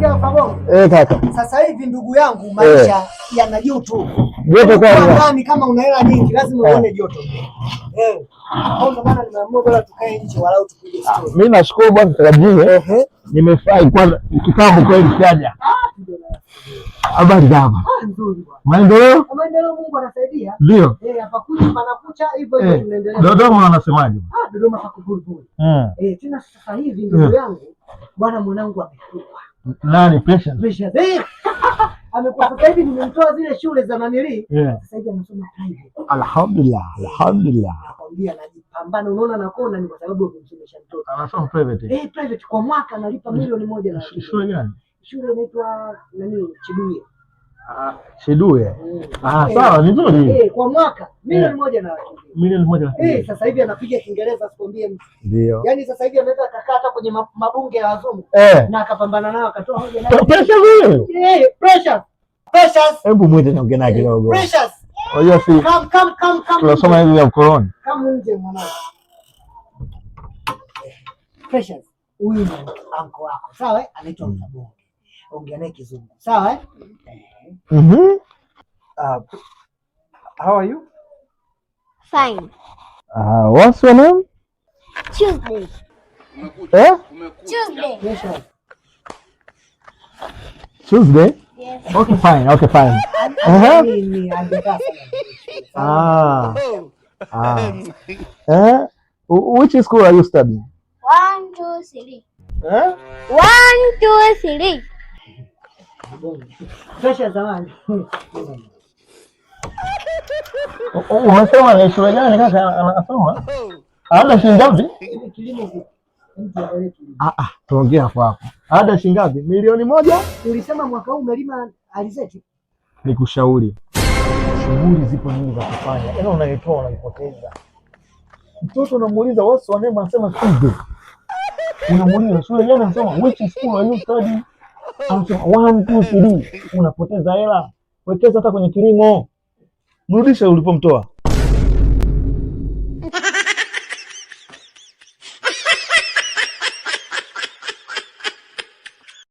Eh, kaka. Sasa hivi ndugu yangu maisha e, yana joto. Joto ndani kama una hela nyingi lazima eh. uone joto. Eh. Hapo maana nimeamua bora tukae nje walau tupige story. Mimi nashukuru bwana mtarajiwe. Ehe. Nimefurahi kwa kitambo kweli kiaja. Ah, Habari za hapa? Ah, maendeleo? Maendeleo Mungu anasaidia. Ndio. Eh, hapa kucha panakucha hivyo hivyo tunaendelea. Eh, Dodoma wanasemaje? Ah, Dodoma pakuburi. Hmm. Eh, tena sasa hivi ndugu yangu bwana mwanangu amekufa nani patient patient, eh hivi nimemtoa zile shule za nanili, sasa hivi anasoma private. Alhamdulillah, alhamdulillah, anajipambana. Unaona nakuona ni kwa sababu ya mtoto, anasoma private eh, private kwa mwaka analipa milioni moja shule gani? Shule inaitwa nani, Chibuye Ah, Shidue. Ah, sawa ni nzuri. Eh, kwa mwaka milioni moja na laki Milioni moja na laki Eh, sasa hivi anapiga Kiingereza sikwambie mtu. Ndio. Yaani sasa hivi anaweza akakaa hata kwenye mabunge ya wazungu eh. na akapambana nao akatoa hoja nayo. Pressure hiyo. Eh, pressure. Pressure. Hebu mwite niongee naye eh, kidogo. Pressure. Oyo si. Come come come come. Tunasoma hivi ya ukoloni. Kama nje mwanangu. Pressure. Huyu ni anko wako. Sawa, eh? anaitwa mm. Msabuni ugiane kizungu sawa eh? mm -hmm. Uh, how are you? Fine. Uh, what's your name? Tuesday. Eh? Tuesday. Tuesday? Yes. Okay, fine. Okay, fine. Uh-huh. ah. Ah. Eh? Which school are you studying? One, two, three. Eh? One, two, three. Tosha zawadi. Umesema ni shule gani kaka anasoma? Ada shilingi ngapi? Ah ah, tuongea hapo hapo. Ada shilingi ngapi? Milioni moja? Ulisema mwaka huu umelima alizeti? Nikushauri. Shughuli zipo nyingi za kufanya. Yaani unaitoa unaipoteza. Mtoto unamuuliza what's your name anasema Unamwuliza shule gani anasema which school are you studying? unapoteza hela. Wekeza hata kwenye kilimo, mrudishe ulipomtoa.